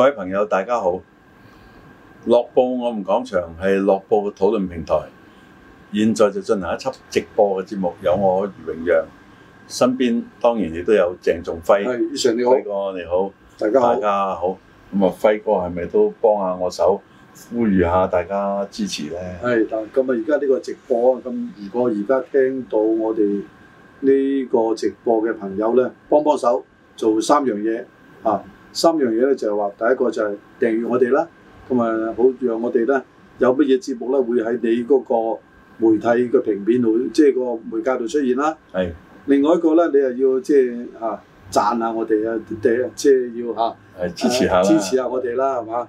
各位朋友，大家好！《樂報我們講場》係樂報嘅討論平台，現在就進行一輯直播嘅節目。有我余榮讓，身邊當然亦都有鄭仲輝。係，醫生你好，輝哥你好，你好，大家好。大家好。咁啊，輝哥係咪都幫下我手，呼籲下大家支持呢？係，但咁啊，而家呢個直播，咁如果而家聽到我哋呢個直播嘅朋友呢，幫幫手做三樣嘢啊！三樣嘢咧就係話，第一個就係訂閱我哋啦，咁啊好讓我哋咧有乜嘢節目咧會喺你嗰個媒體嘅平面度，即係個媒介度出現啦。係。另外一個咧，你又要即係啊讚下我哋啊，即係要嚇。支持下支持下我哋啦，係嘛？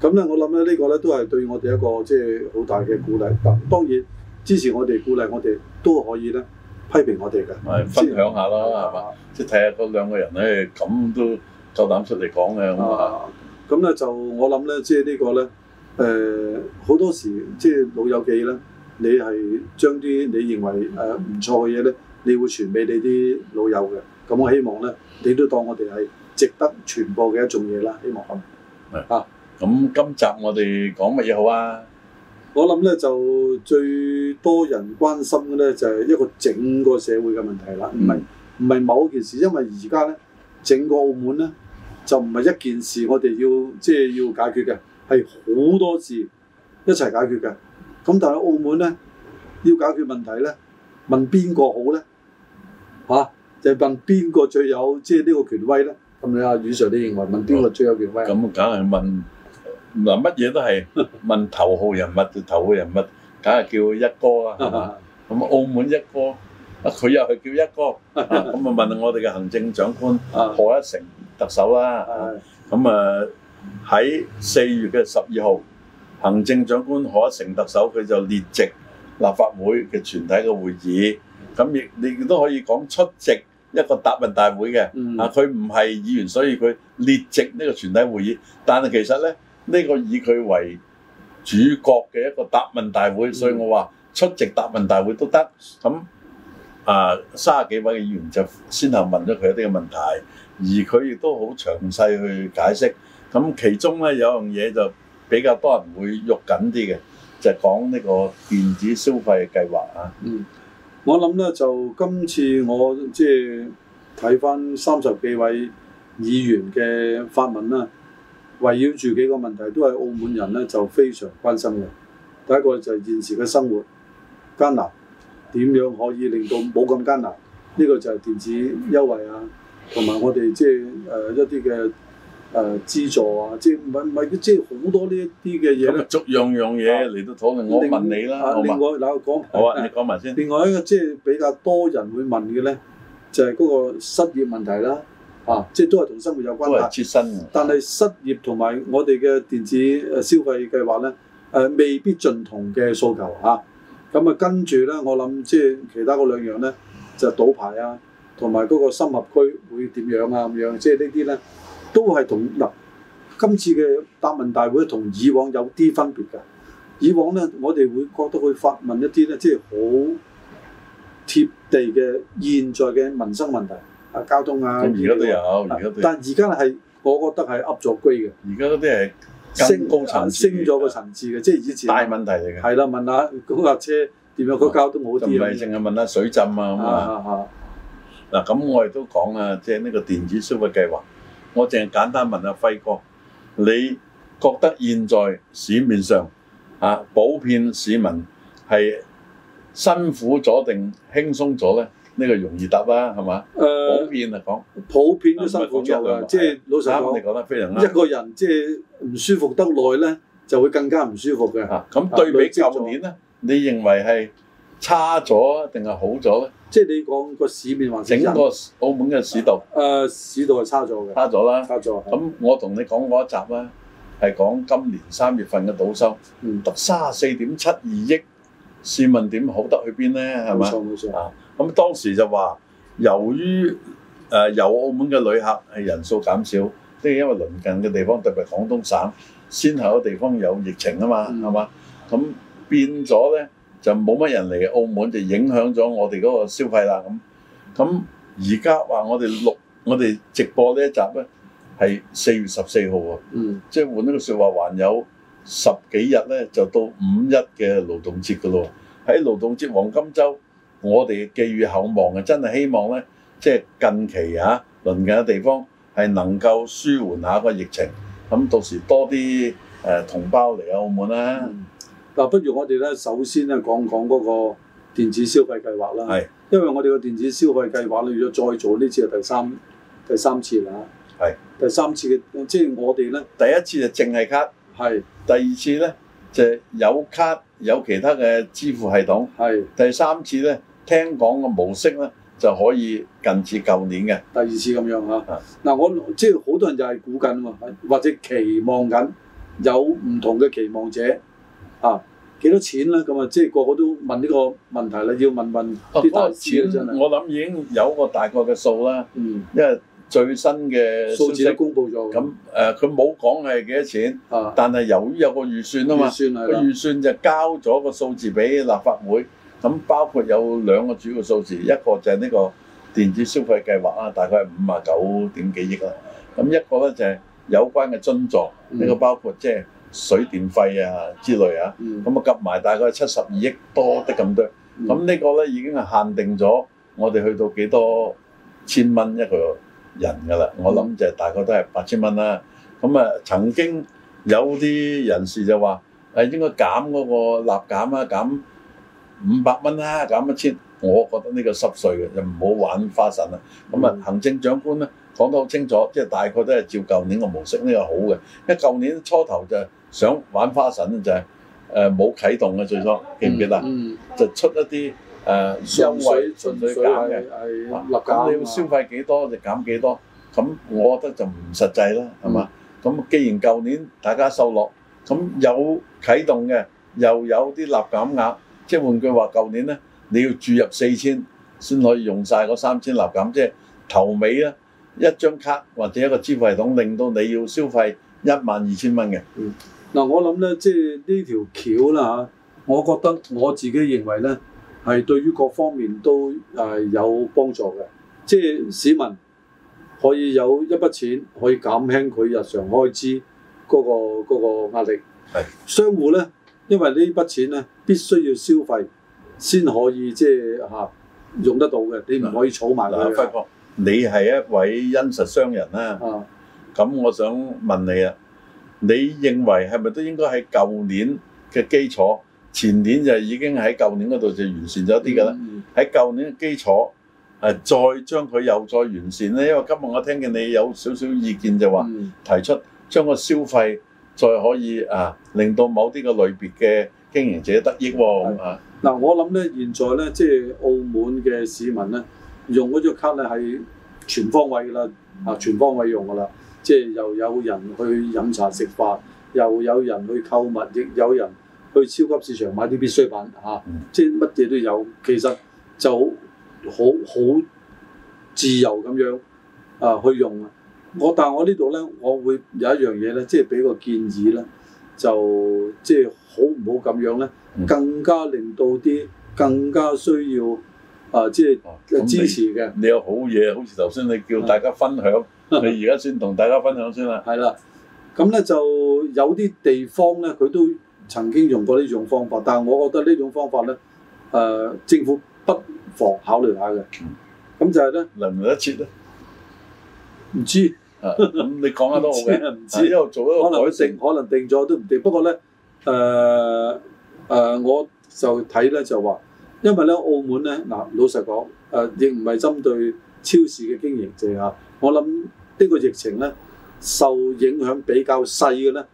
咁咧，我諗咧呢個咧都係對我哋一個即係好大嘅鼓勵。嗱，當然支持我哋、鼓勵我哋都可以咧，批評我哋嘅。係分享下啦，係嘛？即係睇下嗰兩個人咧，咁都。夠膽出嚟講嘅咁啊！咁咧就我諗咧，即係呢個咧，誒、呃、好多時即係、即係、老友記咧，你係將啲你認為誒唔、呃嗯、錯嘅嘢咧，你會傳俾你啲老友嘅。咁我希望咧，嗯、你都當我哋係值得傳播嘅一種嘢啦。希望啊，咁、嗯、今集我哋講乜嘢好啊？我諗咧就最多人關心嘅咧，就係一個整個社會嘅問題啦。唔係唔係某件事，因為而家咧整個澳門咧。就唔係一件事我，我哋要即係要解決嘅係好多事一齊解決嘅。咁但係澳門咧要解決問題咧，問邊個好咧？嚇、啊，就係問邊個最有即係呢個權威咧？咁你阿、啊、余 Sir 你認為問邊個最有權威？咁梗係問嗱乜嘢都係問頭號人物，頭號人物梗係叫一哥啊！咁、嗯嗯、澳門一哥佢又係叫一哥。咁啊問我哋嘅行政長官賀一誠。特首啦，咁啊喺四月嘅十二號，行政長官賀一誠特首佢就列席立法會嘅全體嘅會議，咁亦你亦都可以講出席一個答問大會嘅，啊佢唔係議員，所以佢列席呢個全體會議，但係其實呢呢個以佢為主角嘅一個答問大會，所以我話出席答問大會都得咁。啊，三十幾位嘅議員就先後問咗佢一啲嘅問題，而佢亦都好詳細去解釋。咁其中咧有樣嘢就比較多人會肉緊啲嘅，就係講呢個電子消費嘅計劃啊。嗯，我諗咧就今次我即係睇返三十幾位議員嘅發問啦，圍繞住幾個問題都係澳門人咧就非常關心嘅。第一個就係現時嘅生活艱難。點樣可以令到冇咁艱難？呢、這個就係電子優惠啊，同埋我哋即係誒一啲嘅誒資助啊，即係唔係唔係即係好多呢一啲嘅嘢咧？咁啊，逐樣樣嘢嚟到討論。我問你啦，另外嗱我講，好啊，好你講埋先。另外一個即係比較多人會問嘅咧，就係、是、嗰個失業問題啦、啊，啊，即係都係同生活有關嘅，切身但係失業同埋我哋嘅電子誒消費計劃咧，誒、啊、未必盡同嘅訴求啊。咁啊，跟住咧，我諗即係其他嗰兩樣咧，就係、賭牌啊，同埋嗰個深合區會點樣啊咁樣，即係呢啲咧，都係同嗱、呃，今次嘅答問大會同以往有啲分別㗎。以往咧，我哋會覺得佢發問一啲咧，即係好貼地嘅現在嘅民生問題，啊交通啊咁而家都有，而家都有，而但係而家係，我覺得係噏咗句嘅。而家嗰啲係。升高層次，升咗個層次嘅，即係以前大問題嚟嘅。係啦，問下嗰架車點樣，個交通好啲。就唔係淨係問下水浸啊咁啊。嗱，咁我亦都講啊，即係呢個電子消費計劃。我淨係簡單問下輝哥，你覺得現在市面上啊，普遍市民係？辛苦咗定輕鬆咗咧？呢個容易答啦，係嘛？普遍嚟講，普遍都辛苦咗啊！即係老實講，你講得非常啱。一個人即係唔舒服得耐咧，就會更加唔舒服嘅。嚇！咁對比舊年咧，你認為係差咗定係好咗咧？即係你講個市面還是整個澳門嘅市道？誒，市道係差咗嘅。差咗啦！差咗。咁我同你講過一集啦，係講今年三月份嘅賭收，唔得三十四點七二億。試問點好得去邊咧？係嘛？冇錯冇錯啊！咁當時就話，由於誒、呃、由澳門嘅旅客係人數減少，即係因為鄰近嘅地方特別廣東省先頭嘅地方有疫情啊嘛，係嘛、嗯？咁變咗咧就冇乜人嚟澳門，就影響咗我哋嗰個消費啦。咁咁而家話我哋錄我哋直播呢一集咧係四月十四號啊，即係、嗯、換一個説話還有，十幾日咧就到五一嘅勞動節㗎咯，喺勞動節黃金周，我哋寄予厚望，望啊！真係希望咧，即係近期啊鄰近嘅地方係能夠舒緩下個疫情，咁到時多啲誒、呃、同胞嚟啊澳門啦、啊。嗱、嗯，不如我哋咧首先咧講講嗰個電子消費計劃啦。係是，因為我哋個電子消費計劃咧，如果再做呢次係第三第三次啦。係，第三次嘅即係我哋咧第一次就淨係卡。係，是第二次咧就係、有卡有其他嘅支付系統。係是，第三次咧聽講嘅模式咧就可以近似舊年嘅第二次咁樣嚇。嗱是、啊，我即係好多人就係估緊或者期望緊有唔同嘅期望者啊，幾多錢咧？咁啊，即係個個都問呢個問題啦，要問問啲大師、啊那個、真係，我諗已經有一個大概嘅數啦。嗯。因為。最新嘅數字都公布咗，咁誒佢冇講係幾多錢，啊、但係由於有個預算啊嘛，個預算，算就交咗個數字俾立法會，咁包括有兩個主要數字，一個就係呢個電子消費計劃啦，大概係五啊九點幾億啦，咁一個咧就係有關嘅津助，呢、嗯、個包括即係水電費啊之類啊，咁啊夾埋大概七十二億多得咁多，咁呢、嗯嗯、個咧已經係限定咗我哋去到幾多千蚊一個。人㗎啦，我諗就係大概都係八千蚊啦。咁、嗯、啊、嗯，曾經有啲人士就話，係、哎、應該減嗰個立減啊，減五百蚊啦，減一千。我覺得呢個濕碎嘅，就唔好玩花神啦。咁、嗯、啊，行政長官咧講得好清楚，即、就、係、是、大概都係照舊年嘅模式呢、這個好嘅。因為舊年初頭就係想玩花神咧，就係誒冇啟動嘅最初，記唔記得？嗯，嗯就出一啲。誒，消費純粹減嘅，咁、立減啊、你要消費幾多就減幾多，咁我覺得就唔實際啦，係嘛、嗯？咁既然舊年大家受落，咁有啟動嘅，又有啲立減額，即係換句話，舊年咧你要注入四千先可以用晒嗰三千立減，即係頭尾咧一張卡或者一個支付系統令到你要消費一萬二千蚊嘅。嗱、嗯、我諗咧，即係呢條橋啦嚇，我覺得我自己認為咧。係對於各方面都誒有幫助嘅，即係市民可以有一筆錢，可以減輕佢日常開支嗰、嗰個嗰、嗰個、壓力。係商戶咧，因為呢筆錢咧必須要消費先可以即係嚇、啊、用得到嘅，你唔可以儲埋佢。嗱是，輝哥、啊，你係一位殷實商人啦、啊，咁、啊、我想問你啊，你認為係咪都應該喺舊年嘅基礎？前年就已經喺舊年嗰度就完善咗啲㗎啦，喺舊、嗯嗯、年嘅基礎啊，再將佢又再完善咧。因為今日我聽見你有少少意見就話、是、提出將個消費再可以啊，令到某啲嘅類別嘅經營者得益喎。嗱、啊，我諗咧，現在咧即係澳門嘅市民咧，用嗰隻卡咧係全方位㗎啦，啊、嗯、全方位用㗎啦，即、就、係、是、又有人去飲茶食飯，又有人去購物，亦有人，去超級市場買啲必需品嚇，即係乜嘢都有。其實就好好自由咁樣啊去用。我但係我呢度咧，我會有一樣嘢咧，即係俾個建議咧，就即係、就是、好唔好咁樣咧？嗯、更加令到啲更加需要啊，即、就、係、是、支持嘅、啊。你有好嘢，好似頭先你叫大家分享，啊、你而家先同 大家分享先啦。係啦，咁咧就有啲地方咧，佢都。曾經用過呢種方法，但係我覺得呢種方法咧，誒、呃、政府不妨考慮下嘅。咁就係咧，能唔能一切咧？唔知。咁、啊嗯、你講得多好嘅。唔知，一路、啊、做一個改成，可能定咗都唔定。嗯、不過咧，誒、呃、誒、呃，我就睇咧就話，因為咧澳門咧嗱、呃，老實講，誒、呃、亦唔係針對超市嘅經營者、就是、啊。我諗呢個疫情咧，受影響比較細嘅咧。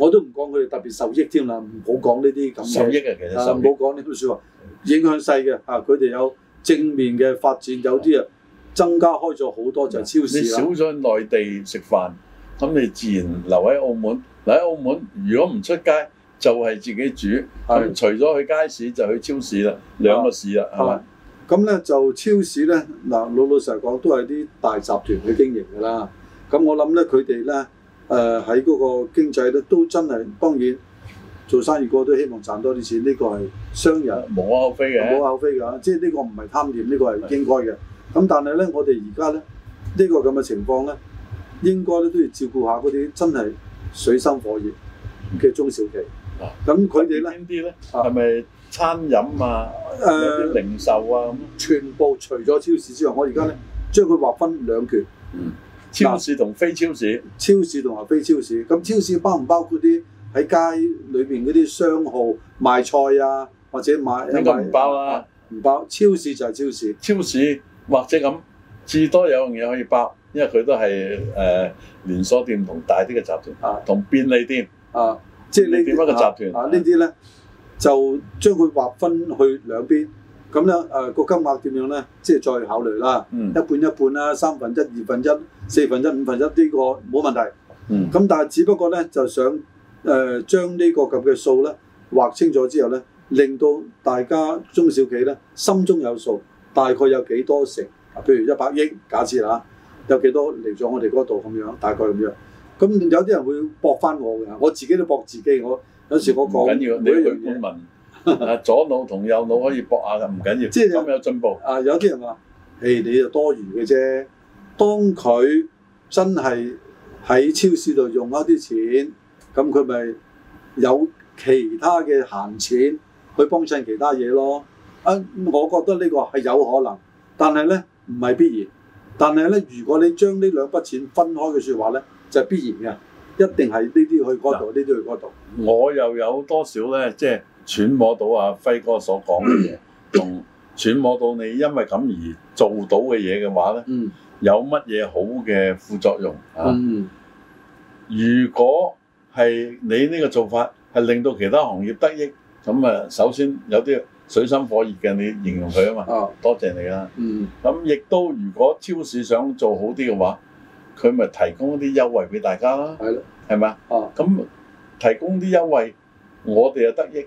我都唔講佢哋特別受益添啦，唔好講呢啲咁嘅。受益啊，其實，唔好講呢句説話，影響細嘅嚇。佢哋有正面嘅發展，有啲啊增加開咗好多就超市。你少咗內地食飯，咁你自然留喺澳門。留喺澳門，如果唔出街，就係自己煮。除咗去街市，就去超市啦，兩個市啦，係嘛？咁咧就超市咧，嗱老老實講，都係啲大集團去經營㗎啦。咁我諗咧，佢哋咧。誒喺嗰個經濟咧，都真係當然做生意哥都希望賺多啲錢，呢、這個係商人冇可厚非嘅，冇可厚非㗎。即係呢個唔係貪念，呢個係應該嘅。咁但係咧，我哋而家咧呢、這個咁嘅情況咧，應該咧都要照顧下嗰啲真係水深火熱嘅中小企啊。咁佢哋咧邊啲咧係咪餐飲啊？誒、啊呃、零售啊咁。全部除咗超市之外，我而家咧將佢劃分兩橛。嗯。嗯超市同非超市，超市同埋非超市。咁超市包唔包括啲喺街裏邊嗰啲商號賣菜啊，或者買呢個唔包啊，唔包。超市就係超市。超市或者咁至多有樣嘢可以包，因為佢都係誒、呃、連鎖店同大啲嘅集團啊同便利店。啊，即係呢點樣嘅集團啊？啊呢啲咧就將佢劃分去兩邊。咁樣，誒個金額點樣咧？即係再考慮啦、嗯，一半一半啦，三分一、二分一、四分一、五分一呢、呢個冇問題。咁、嗯、但係只不過咧，就想誒將、呃、呢個咁嘅數咧劃清楚之後咧，令到大家中小企咧心中有數，大概有幾多成？譬如一百億假設啦，有幾多嚟咗我哋嗰度咁樣，大概咁樣。咁有啲人會駁返我嘅，我自己都駁自己。我有時我講，唔緊要，你去問。 左腦同右腦可以搏下噶，唔緊要，即係有冇有進步。啊，有啲人話：誒、哎，你就多餘嘅啫。當佢真係喺超市度用一啲錢，咁佢咪有其他嘅閒錢去幫襯其他嘢咯？啊，我覺得呢個係有可能，但係咧唔係必然。但係咧，如果你將呢兩筆錢分開嘅說話咧，就係必然嘅，一定係呢啲去嗰度，呢啲有去嗰度。我又有多少咧？即係。揣摩到阿、啊、輝哥所講嘅嘢，同揣摩到你因為咁而做到嘅嘢嘅話呢、嗯、有乜嘢好嘅副作用啊？嗯、如果係你呢個做法係令到其他行業得益，咁啊首先有啲水深火熱嘅，你形容佢啊嘛。啊多謝你啦。咁亦、嗯、都如果超市想做好啲嘅話，佢咪提供啲優惠俾大家囉。係咯的，係咪吧？啊，咁提供啲優惠，我哋又得益。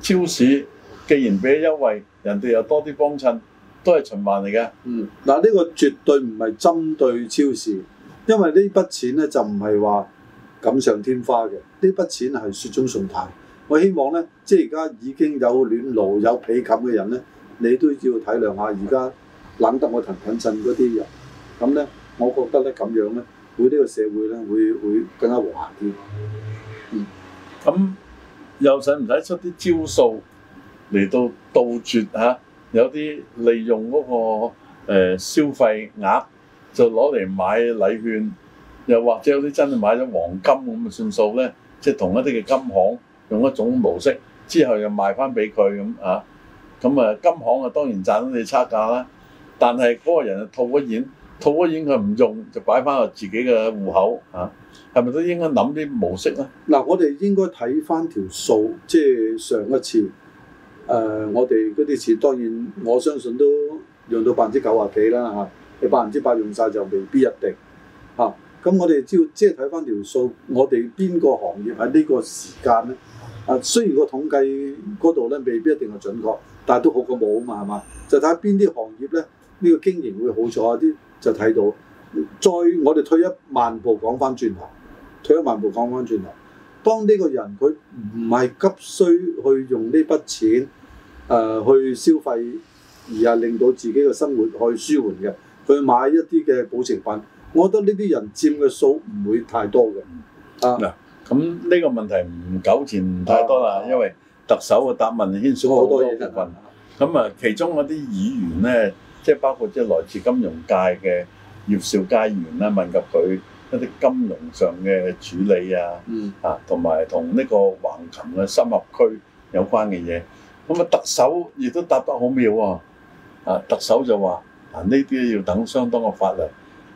超市既然俾優惠，人哋又多啲幫襯，都係循環嚟嘅。嗯，嗱、這、呢個絕對唔係針對超市，因為呢筆錢咧就唔係話錦上添花嘅，呢筆錢係雪中送炭。我希望咧，即係而家已經有暖爐、有被冚嘅人咧，你都要體諒下而家冷得我騰騰震嗰啲人。咁咧，我覺得咧咁樣咧，會呢個社會咧會會更加和諧啲。嗯，咁、嗯。又使唔使出啲招數嚟到杜絕嚇，啊？有啲利用嗰、那個、呃、消費額就攞嚟買禮券，又或者有啲真係買咗黃金咁嘅算數咧？即、就、係、是、同一啲嘅金行用一種模式，之後又賣翻俾佢咁嚇，咁啊，啊金行啊當然賺到你差價啦，但係嗰個人就套咗現。套咗錢佢唔用就擺翻落自己嘅戶口嚇，係、啊、咪都應該諗啲模式咧？嗱，我哋應該睇翻條數，即係上一次誒、呃，我哋嗰啲錢當然我相信都用到百分之九啊幾啦嚇，你百分之百用晒就未必一定嚇。咁我哋只要即係睇翻條數，我哋邊個行業喺呢個時間咧？啊，雖然個統計嗰度咧未必一定係準確，但係都好過冇嘛係嘛？就睇邊啲行業咧，呢、這個經營會好在啲。就睇到，再我哋退一萬步講翻轉頭，退一萬步講翻轉頭。當呢個人佢唔係急需去用呢筆錢，誒、呃、去消費，而係令到自己嘅生活可以舒緩嘅，佢買一啲嘅保值品。我覺得呢啲人佔嘅數唔會太多嘅。啊，嗱、啊，咁呢個問題唔糾纏太多啦，啊、因為特首嘅答問牽涉好多嘢部分。咁啊，其中嗰啲議員咧。即係包括即係來自金融界嘅葉兆佳議員啦，問及佢一啲金融上嘅處理啊，啊，同埋同呢個橫琴嘅深合區有關嘅嘢，咁啊特首亦都答得好妙啊！啊，特首就話：嗱，呢啲要等相當嘅法例。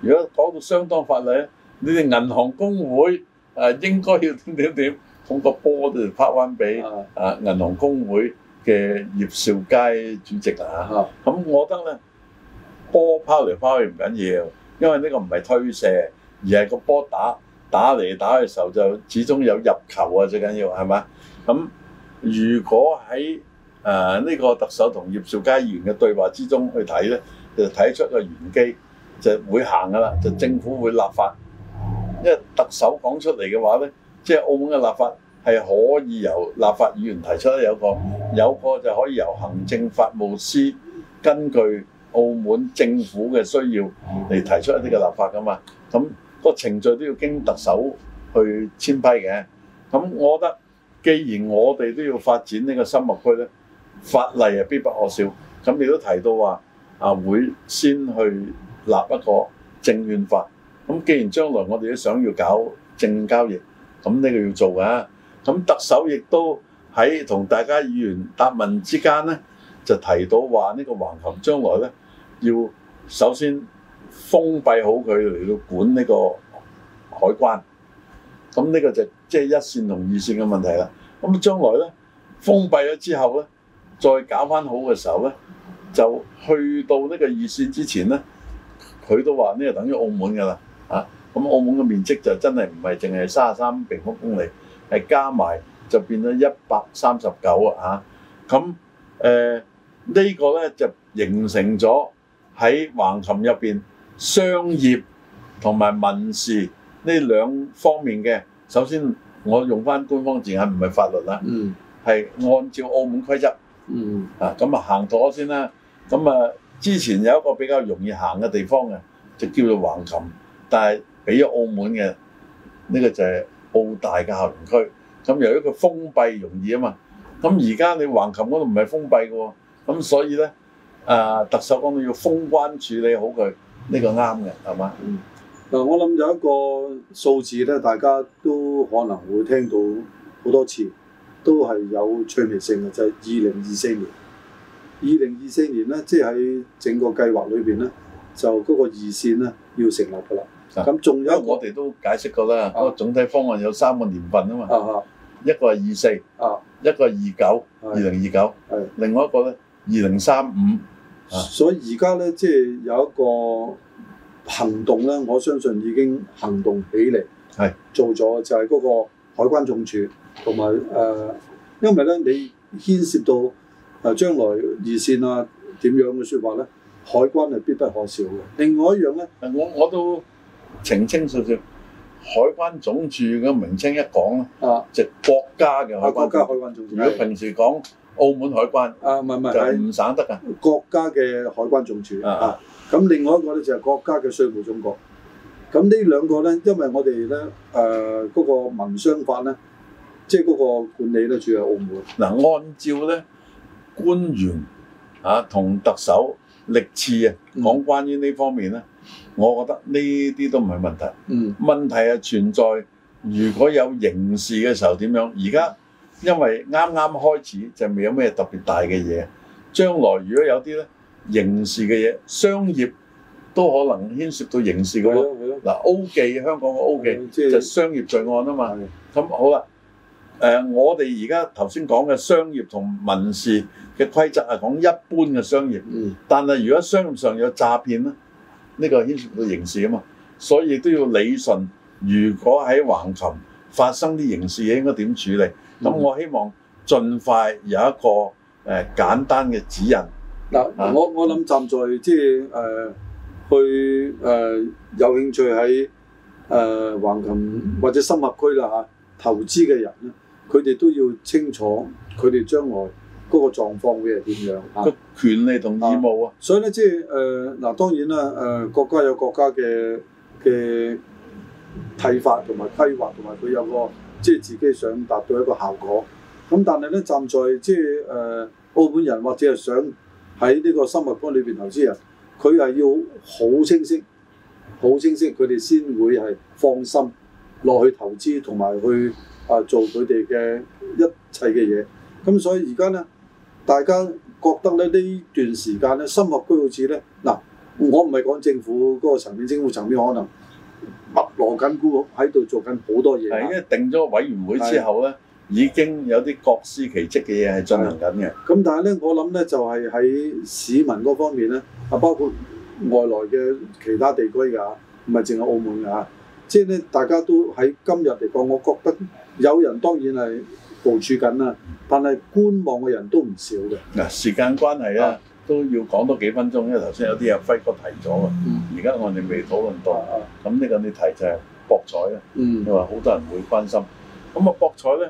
如果講到相當法例，你哋銀行公會誒應該要點點點，通過波嚟拍翻俾啊銀行公會嘅葉兆佳主席啊。咁我覺得咧。波拋嚟拋去唔緊要，因為呢個唔係推射，而係個波打打嚟打去時候就始終有入球啊！最、就是、緊要係咪？咁如果喺誒呢個特首同葉兆佳議員嘅對話之中去睇呢，就睇出個玄機，就會行噶啦，就政府會立法。因為特首講出嚟嘅話呢，即、就、係、是、澳門嘅立法係可以由立法議員提出，有個有個就可以由行政法務司根據。澳門政府嘅需要嚟提出一啲嘅立法噶嘛，咁個程序都要經特首去簽批嘅。咁我覺得，既然我哋都要發展呢個生物區咧，法例係必不可少。咁你都提到話，啊會先去立一個證券法。咁既然將來我哋都想要搞證交易，咁呢個要做嘅。咁特首亦都喺同大家議員答問之間咧，就提到話呢個橫琴將來咧。要首先封閉好佢嚟到管呢個海關，咁呢個就即係一線同二線嘅問題啦。咁將來咧封閉咗之後咧，再搞翻好嘅時候咧，就去到呢個二線之前咧，佢都話呢個等於澳門㗎啦嚇。咁、啊嗯、澳門嘅面積就真係唔係淨係三十三平方公里，係加埋就變咗一百三十九啊嚇。咁、嗯、誒、呃這個、呢個咧就形成咗。喺橫琴入邊，商業同埋民事呢兩方面嘅，首先我用翻官方字眼，係唔係法律啦？嗯，係按照澳門規則。嗯，啊咁啊行咗先啦。咁啊之前有一個比較容易行嘅地方嘅，就叫做橫琴，但係畀咗澳門嘅呢個就係澳大嘅校園區。咁由於佢封閉容易啊嘛，咁而家你橫琴嗰度唔係封閉嘅喎，咁所以咧。誒特首講到要封關處理好佢，呢、這個啱嘅，係嘛？嗯。嗱，我諗有一個數字咧，大家都可能會聽到好多次，都係有趣味性嘅，就係二零二四年。二零二四年咧，即係喺整個計劃裏邊咧，就嗰個二線咧要成立嘅啦。咁仲、啊、有一個，啊、我哋都解釋過啦。嗰個、啊、總體方案有三個年份啊嘛。一個係二四。啊。一個係二九，二零二九。係。係。另外一個咧。二零三五，35，所以而家咧，即係有一個行動咧，我相信已經行動起嚟，係是做咗就係嗰個海關總署同埋誒，因為咧你牽涉到誒將來二線啊點樣嘅説法咧，海關係必不可少嘅。另外一樣咧，我我都澄清少少，海關總署嘅名稱一講咧，啊就國家嘅海關、啊，國家海關總署。如果平時講澳門海關啊，唔係唔係，就唔省得噶、哎。國家嘅海關總署啊，咁、啊、另外一個咧就係國家嘅稅務總局。咁呢兩個咧，因為我哋咧誒嗰個民商法咧，即係嗰個管理咧，住喺澳門嗱、啊。按照咧官員啊同特首歷次啊講關於呢方面咧，我覺得呢啲都唔係問題。嗯，問題係存在，如果有刑事嘅時候點樣？而家因為啱啱開始就未有咩特別大嘅嘢，將來如果有啲咧刑事嘅嘢，商業都可能牽涉到刑事嘅。嗱，O 記香港嘅 O 記的就商業罪案啊嘛。咁的好啦，誒、呃、我哋而家頭先講嘅商業同民事嘅規則係講一般嘅商業，的但係如果商業上有詐騙咧，呢、這個牽涉到刑事啊嘛，所以都要理順。如果喺橫琴發生啲刑事嘢，應該點處理？咁、嗯、我希望盡快有一個誒、呃、簡單嘅指引。嗱、嗯啊，我我諗站在即係誒去誒、呃、有興趣喺誒橫琴或者深合區啦嚇投資嘅人咧，佢哋都要清楚佢哋將來嗰個狀況會係點樣個、啊啊、權利同義務啊。啊所以咧，即係誒嗱，當然啦，誒、呃、國家有國家嘅嘅睇法同埋規劃，同埋佢有個。即係自己想達到一個效果，咁但係咧站在即係誒澳門人或者係想喺呢個深合區裏邊投資人，佢係要好清晰、好清晰，佢哋先會係放心落去投資同埋去啊做佢哋嘅一切嘅嘢。咁所以而家咧，大家覺得咧呢段時間咧深合區好似咧嗱，我唔係講政府嗰個層面，政府層面可能。緊估喺度做緊好多嘢。係因為定咗委員會之後咧，的已經有啲各司其職嘅嘢係進行緊嘅。咁但係咧，我諗咧就係、是、喺市民嗰方面咧，啊包括外來嘅其他地區㗎吓，唔係淨係澳門㗎吓。即係咧，大家都喺今日嚟講，我覺得有人當然係部署緊啦，但係觀望嘅人都唔少嘅。嗱，時間關係咧、啊，的都要講多幾分鐘，因為頭先有啲阿輝哥提咗啊。而家、嗯、我哋未討論到，咁呢個你提就係。博彩咧，你話好多人會關心，咁啊博彩咧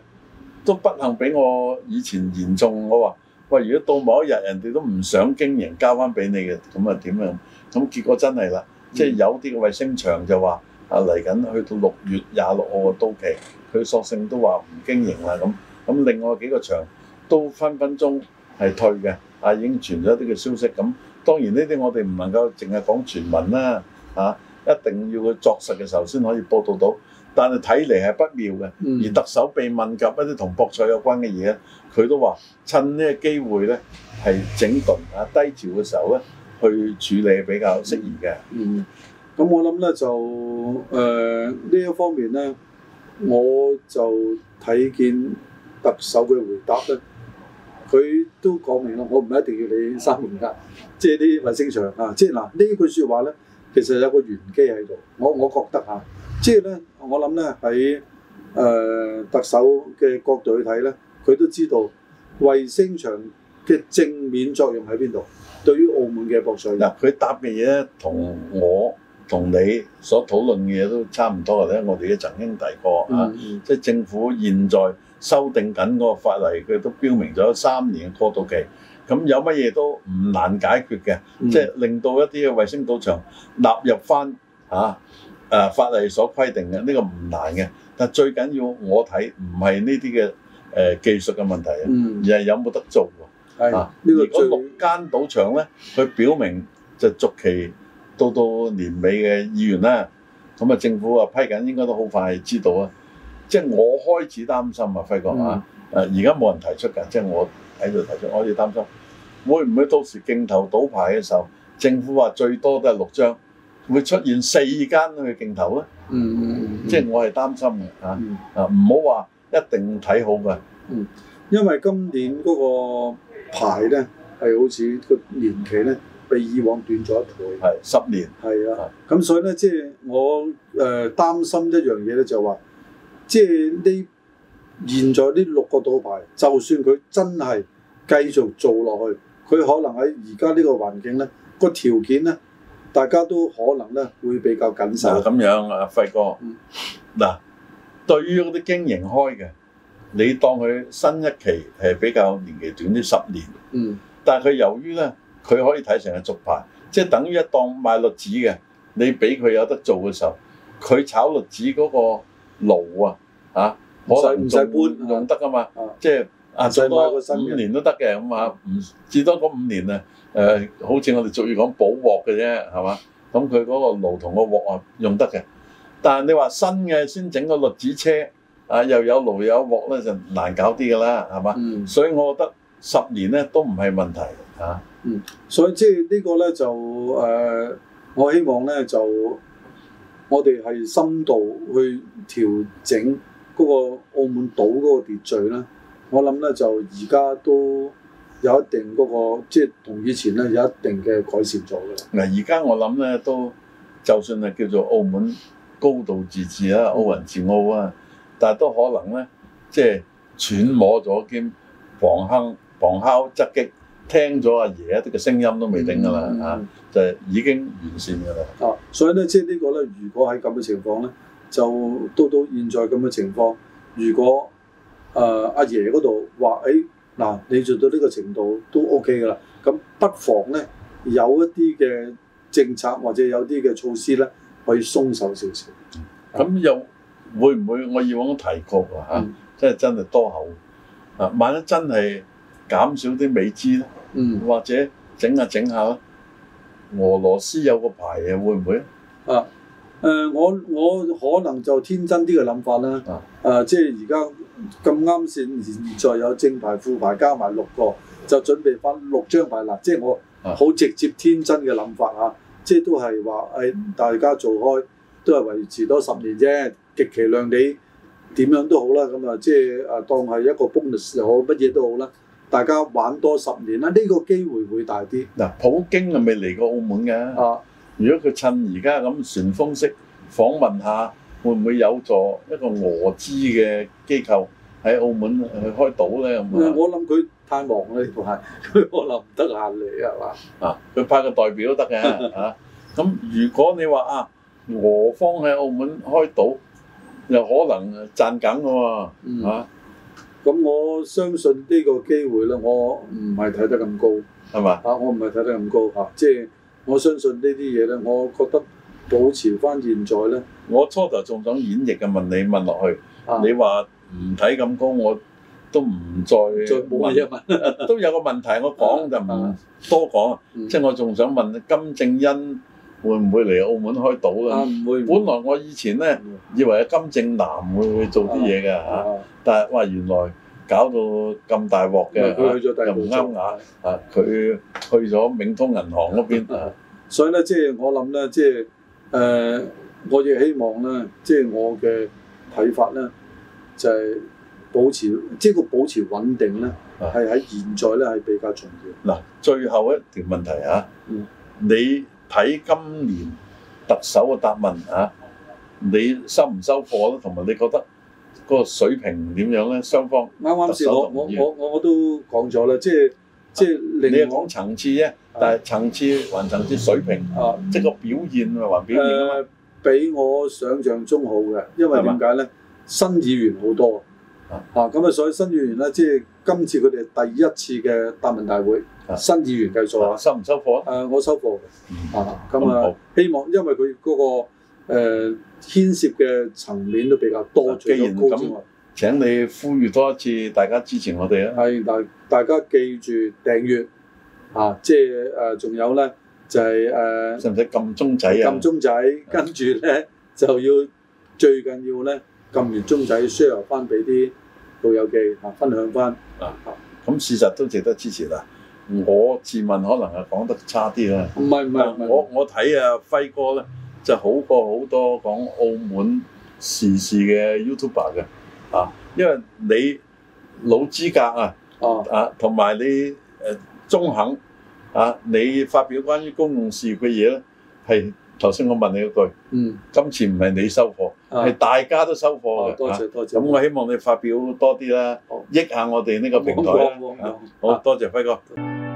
都不幸俾我以前嚴重，我話喂，如果到某一日人哋都唔想經營，交翻俾你嘅，咁啊點樣？咁結果真係啦，嗯、即係有啲嘅衞星場就話啊嚟緊去到六月廿六號到期，佢索性都話唔經營啦咁。咁另外幾個場都分分鐘係退嘅，啊已經傳咗啲嘅消息咁。當然呢啲我哋唔能夠淨係講傳聞啦，嚇、啊。一定要佢作實嘅時候先可以報道到，但係睇嚟係不妙嘅。嗯、而特首被問及一啲同博彩有關嘅嘢，佢都話趁呢個機會呢係整頓啊低潮嘅時候呢去處理比較適宜嘅，嗯。嗯，咁我諗呢就誒呢、呃、一方面呢，我就睇見特首嘅回答呢，佢都講明啦，我唔係一定要你三門架，即係啲衛星場啊，即係嗱呢句説話呢。其實有個玄機喺度，我我覺得嚇，即係咧，我諗咧喺誒特首嘅角度去睇咧，佢都知道衛星場嘅正面作用喺邊度，對於澳門嘅博彩。嗱、啊，佢答嘅嘢咧，同我同你所討論嘅嘢都差唔多嘅咧，我哋都曾經提過啊，即係政府現在修訂緊嗰個法例，佢都標明咗三年嘅過渡期。咁有乜嘢都唔難解決嘅，嗯、即係令到一啲嘅衞星賭場納入翻嚇誒法例所規定嘅，呢、這個唔難嘅。但最緊要我睇唔係呢啲嘅誒技術嘅問題，嗯、而係有冇得做喎。係、啊，哎、如果六間賭場咧，佢表明就續期到到年尾嘅議員啦，咁啊政府啊批緊應該都好快知道啊。即係我開始擔心啊，輝哥、嗯嗯、啊，誒而家冇人提出㗎，即係我喺度提出，我哋擔心。會唔會到時競投賭牌嘅時候，政府話最多都係六張，會出現四間嘅競投咧、嗯？嗯，嗯即係我係擔心嘅嚇，啊唔好話一定睇好嘅。嗯，因為今年嗰個牌咧係好似個年期咧，比以往短咗一倍。係十年。係啊，咁是所以咧，即、就、係、是、我誒、呃、擔心一樣嘢咧，就話即係呢現在呢六個賭牌，就算佢真係繼續做落去。佢可能喺而家呢個環境咧，個條件咧，大家都可能咧會比較謹慎。啊，咁樣啊，輝哥。嗱、嗯，對於嗰啲經營開嘅，你當佢新一期係比較年期短啲十年。嗯。但係佢由於咧，佢可以睇成係續牌，即係等於一當買栗子嘅，你俾佢有得做嘅時候，佢炒栗子嗰個爐啊，嚇、啊，唔使唔使搬用，用、啊、唔使不得噶嘛，即係、啊。啊啊啊多多，最多五年都得嘅，咁啊，唔至多嗰五年啊，誒，好似我哋俗語講補鑊嘅啫，係嘛？咁佢嗰個爐同個鑊啊用得嘅，但係你話新嘅先整個栗子車啊，又有爐又有鑊咧，就難搞啲㗎啦，係嘛？嗯、所以我覺得十年咧都唔係問題嚇。啊、嗯，所以即係呢個咧就誒、呃，我希望咧就我哋係深度去調整嗰個澳門島嗰個秩序啦。我諗咧就而家都有一定嗰，那個，即係同以前咧有一定嘅改善咗啦。嗱，而家我諗咧都，就算係叫做澳門高度自治啦，澳，嗯、人治澳啊，但係都可能咧，即係揣摸咗兼防坑、防敲側擊，聽咗阿爺一啲嘅聲音都未定噶嘛嚇，就係已經完善噶啦。哦、啊，所以咧，即係呢個咧，如果喺咁嘅情況咧，就到到現在咁嘅情況，如果誒阿爺嗰度話：誒嗱、呃哎，你做到呢個程度都 OK 嘅啦，咁不妨咧有一啲嘅政策或者有啲嘅措施咧，可以鬆手少少。咁、嗯啊、又會唔會我以往提過啊？嚇、嗯，真係真係多口啊！萬一真係減少啲美資咧，嗯、或者整下整下俄羅斯有個牌嘅、啊、會唔會咧？啊誒、呃，我我可能就天真啲嘅諗法啦。誒、啊，即係而家。就是咁啱先，剛剛現在有正牌、副牌加埋六個，就準備翻六張牌。嗱，即係我好直接、天真嘅諗法啊！即係都係話誒，大家做開都係維持多十年啫。極其量地點樣都好啦，咁啊，即係啊，當係一個 bonus 又好，乜嘢都好啦。大家玩多十年，嗱、這、呢個機會會大啲。嗱，普京係未嚟過澳門嘅。啊，如果佢趁而家咁旋風式訪問下。會唔會有助一個俄資嘅機構喺澳門去開賭咧？咁、嗯、啊，我諗佢太忙啦，同埋佢可能唔得閒嚟，係嘛？啊，佢派個代表都得嘅嚇。咁、 啊、如果你話啊，俄方喺澳門開賭，又可能賺緊嘅喎嚇。咁、啊嗯、我相信呢個機會咧，我唔係睇得咁高，係嘛吧、啊？啊，我唔係睇得咁高啊，即係我相信呢啲嘢咧，我覺得。保持翻現在咧，我初頭仲想演繹嘅問你問落去，你話唔睇咁高，我都唔再冇冇嘢問，都有個問題，我講就唔多講，即係我仲想問金正恩會唔會嚟澳門開賭咧？唔會，本來我以前咧，以為阿金正男會會做啲嘢㗎嚇，但係哇原來搞到咁大鑊嘅，佢去咗大啱啊，佢去咗永通銀行嗰邊，所以咧即係我諗咧即係。誒，uh, 我亦希望咧，即係我嘅睇法咧，就係保持，即係個保持穩定咧，係喺、啊、現在咧係比較重要。嗱、啊，最後一條問題啊，嗯、你睇今年特首嘅答問啊，你收唔收貨咧？同埋你覺得嗰個水平點樣咧？雙方啱啱我我我我我都講咗啦，即係。即係你係講層次啫，但係層次還層次水平，即係個表現咪還表現㗎嘛。誒，比我想象中好嘅，因為點解咧？新議員好多啊，咁啊，所以新議員咧，即係今次佢哋第一次嘅答問大會，新議員計數啊，收唔收貨啊？誒，我收貨嘅，啊咁啊，希望因為佢嗰個誒牽涉嘅層面都比較多，自然咁。請你呼籲多一次大家支持我哋啊！係，大大家記住訂閱啊！即係誒，仲、呃、有咧就係、是、誒，使唔使撳鐘仔啊？撳鐘仔，跟住咧就要最近要咧撳完鐘仔 share 翻俾啲老友記啊，分享翻啊！咁事實都值得支持啊！我自問可能係講得差啲啦，唔係唔係，我我睇啊輝哥咧就好過好多講澳門時事嘅 YouTube r 嘅。啊，因為你老資格啊，啊，同埋、啊、你誒中、呃、肯啊，你發表關於公共事業嘅嘢咧，係頭先我問你一句，嗯，今次唔係你收貨，係、啊、大家都收貨嘅、啊，多謝多謝。咁、啊、我希望你發表多啲啦，好益下我哋呢個平台啦，好多謝輝哥。